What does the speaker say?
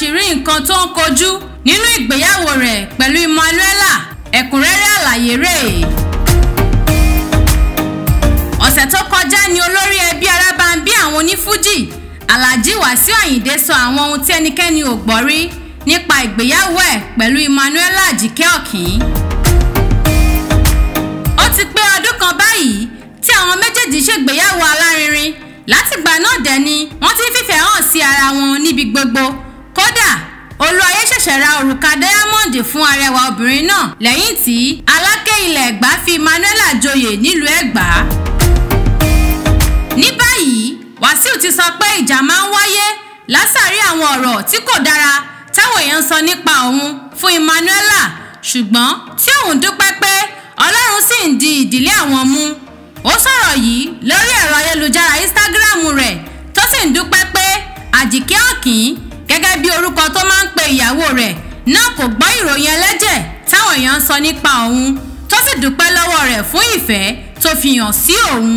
àṣírí nǹkan tó ń kojú nínú ìgbéyàwó rẹ̀ pẹ̀lú Emmanuela ẹ̀kúnrẹ́rẹ́ àlàyé rèé ọ̀sẹ̀ tó kọjá ni olórí ẹbí Arábàmbí àwọn onífújì Alhaji Wasiu Ayinde sọ àwọn ohun tí ẹnikẹ́ni ò gbọ́ rí nípa ìgbéyàwó ẹ̀ pẹ̀lú Emmanuela Àjíkẹ́ Ọ̀kín. ó ti pé ọdún kan báyìí tí àwọn méjèèjì ṣègbéyàwó alárinrin látìgbà náà dẹ̀ wọ́n ti ń fìfẹ́ hàn sí ara wọn níbi gbogbo kódà olúwayé ṣẹ̀ṣẹ̀ ra òrùka diamond fún arẹwà obìnrin náà lẹ́yìn tí aláké ilẹ̀ ẹ̀gbá fi manuela joyè nílùú ẹ̀gbá. ní báyìí wàsíù ti sọ pé ìjà máa ń wáyé látàrí àwọn ọ̀rọ̀ tí kò dára táwọn èèyàn ń sọ nípa òun fún emmanuela ṣùgbọ́n tí òun dúpẹ́ pé ọlọ́run sì ń di ìdílé àwọn mú ó sọ̀rọ̀ yìí lórí. orúkọ tó máa ń pe ìyàwó rẹ̀ náà kò gbọ́ ìròyìn ẹlẹ́jẹ̀ táwọn èèyàn ń sọ nípa òun tó sì dúpẹ́ lọ́wọ́ rẹ̀ fún ìfẹ́ tó fi hàn sí òun.